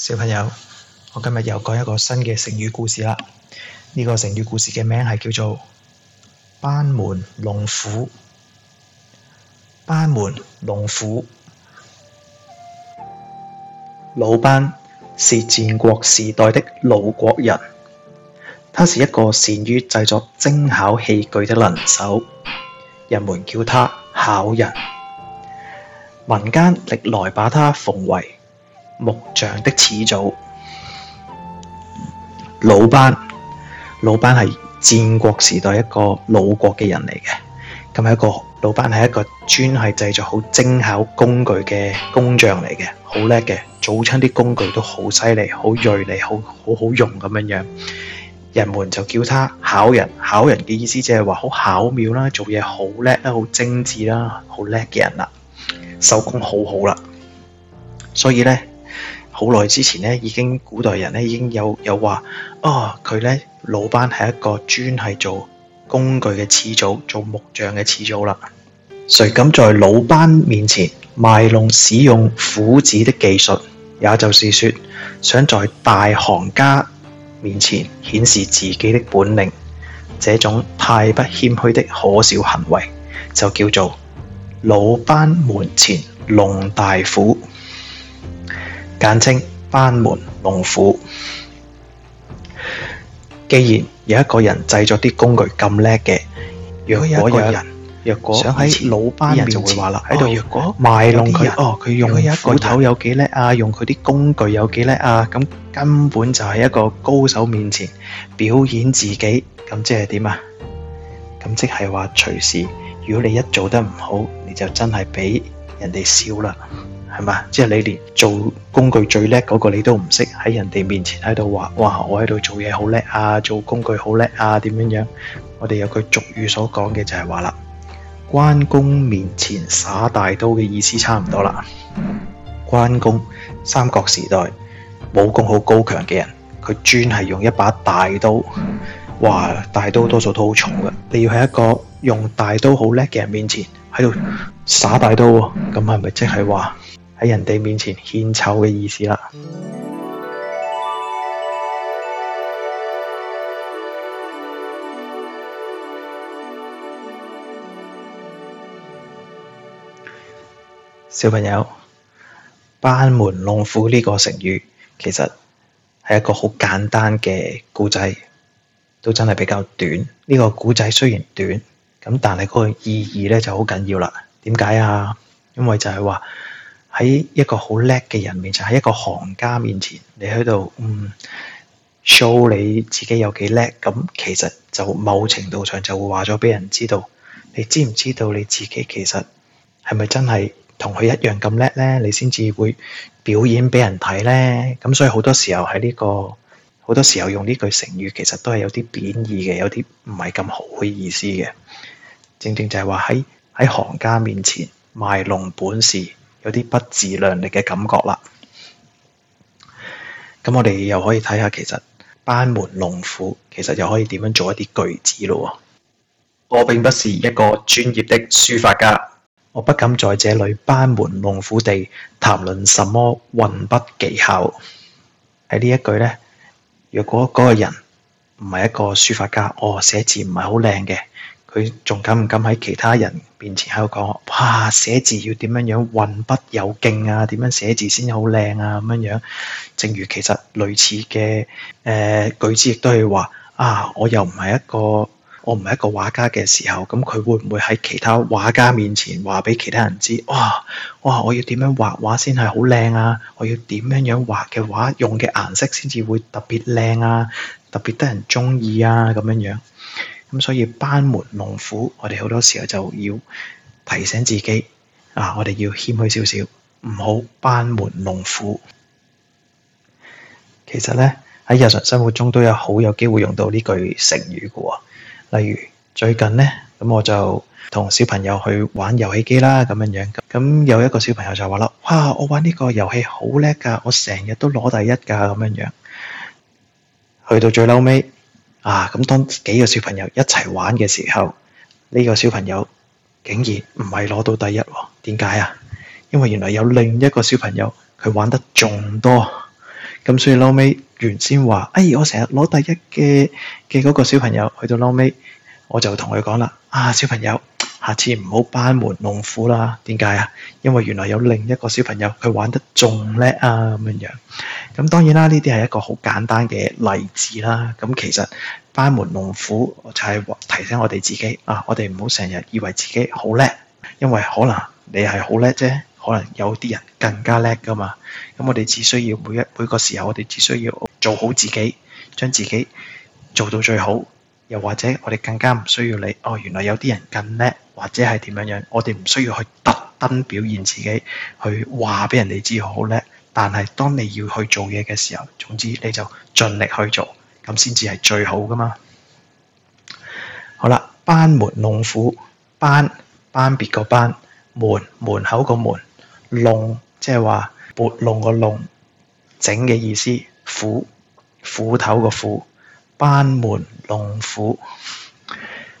小朋友，我今日又講一個新嘅成語故事啦。呢、這個成語故事嘅名係叫做班門弄斧。班門弄斧。魯班是戰國時代的魯國人，他是一個善於製作精巧器具的能手，人們叫他巧人。民間歷來把他奉為，木匠的始祖魯班，魯班係戰國時代一個魯國嘅人嚟嘅，咁係一個魯班係一個專係製作好精巧工具嘅工匠嚟嘅，好叻嘅，做出啲工具都好犀利，好銳利，好好好用咁樣樣。人們就叫他巧人，巧人嘅意思就係話好巧妙啦，做嘢好叻啦，好精致啦，好叻嘅人啦，手工好好啦。所以呢。好耐之前呢，已經古代人呢，已經有有話，哦，佢呢魯班係一個專係做工具嘅始祖，做木匠嘅始祖啦。誰敢在魯班面前賣弄使用斧子的技術？也就是說，想在大行家面前顯示自己的本領，這種太不謙虛的可笑行為，就叫做魯班門前弄大斧。簡稱班門弄斧。既然有一個人製作啲工具咁叻嘅，若果有人，若果想喺魯班面前，就會話啦，喺度賣弄佢，哦，佢用佢一斧頭有幾叻啊，用佢啲工具有幾叻啊，咁根本就係一個高手面前表演自己，咁即係點啊？咁即係話，隨時如果你一做得唔好，你就真係俾人哋笑啦。係嘛？即係你連做工具最叻嗰個，你都唔識喺人哋面前喺度話：哇！我喺度做嘢好叻啊，做工具好叻啊，點樣樣？我哋有句俗語所講嘅就係話啦，關公面前耍大刀嘅意思差唔多啦。關公三國時代武功好高強嘅人,佢專係用一把大刀。哇！大刀多數都好重嘅，你要喺一個用大刀好叻嘅人面前喺度耍大刀，咁係咪即係話？喺人哋面前獻醜嘅意思啦。嗯、小朋友，班門弄斧呢個成語其實係一個好簡單嘅古仔，都真係比較短。呢、這個古仔雖然短，咁但係嗰個意義咧就好緊要啦。點解啊？因為就係話。喺一個好叻嘅人面前，喺一個行家面前，你喺度嗯 show 你自己有幾叻，咁其實就某程度上就會話咗俾人知道，你知唔知道你自己其實係咪真係同佢一樣咁叻呢？你先至會表演俾人睇呢。咁所以好多時候喺呢個好多時候用呢句成語，其實都係有啲貶義嘅，有啲唔係咁好嘅意思嘅。正正就係話喺喺行家面前賣弄本事。有啲不自量力嘅感覺啦。咁我哋又可以睇下，其實班門弄斧其實又可以點樣做一啲句子咯。我並不是一個專業的書法家，我不敢在這裏班門弄斧地談論什麼運筆技巧。喺呢一句呢，若果嗰個人唔係一個書法家，哦，寫字唔係好靚嘅。佢仲敢唔敢喺其他人面前喺度講哇？寫字要點樣樣運筆有勁啊？點樣寫字先好靚啊？咁樣樣，正如其實類似嘅誒、呃、舉子亦都係話啊！我又唔係一個，我唔係一個畫家嘅時候，咁佢會唔會喺其他畫家面前話俾其他人知？哇哇！我要點樣畫畫先係好靚啊？我要點樣樣畫嘅畫，用嘅顏色先至會特別靚啊，特別得人中意啊，咁樣樣。咁所以班門弄斧，我哋好多時候就要提醒自己啊，我哋要謙虛少少，唔好班門弄斧。其實呢，喺日常生活中都有好有機會用到呢句成語噶，例如最近呢，咁我就同小朋友去玩遊戲機啦，咁樣樣。咁有一個小朋友就話啦：「哇，我玩呢個遊戲好叻噶，我成日都攞第一噶，咁樣樣。去到最嬲尾。啊，咁當幾個小朋友一齊玩嘅時候，呢個小朋友竟然唔係攞到第一，點解啊？因為原來有另一個小朋友佢玩得仲多，咁所以後尾原先話，哎我成日攞第一嘅嘅嗰個小朋友，去到後尾，我就同佢講啦，啊，小朋友，下次唔好班門弄斧啦，點解啊？因為原來有另一個小朋友佢玩得仲叻啊，咁樣。咁當然啦，呢啲係一個好簡單嘅例子啦。咁其實班門弄斧就係提醒我哋自己啊，我哋唔好成日以為自己好叻，因為可能你係好叻啫，可能有啲人更加叻㗎嘛。咁我哋只需要每一每個時候，我哋只需要做好自己，將自己做到最好。又或者我哋更加唔需要你哦，原來有啲人更叻，或者係點樣樣，我哋唔需要去特登表現自己，去話俾人哋知我好叻。但係，當你要去做嘢嘅時候，總之你就盡力去做，咁先至係最好噶嘛。好啦，班門弄斧，班班別個班門，門口個門，弄，即係話，撥弄個弄，整嘅意思，斧，斧頭個斧，班門弄斧。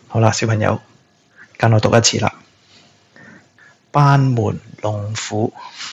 好啦，小朋友，跟我讀一次啦，班門弄斧。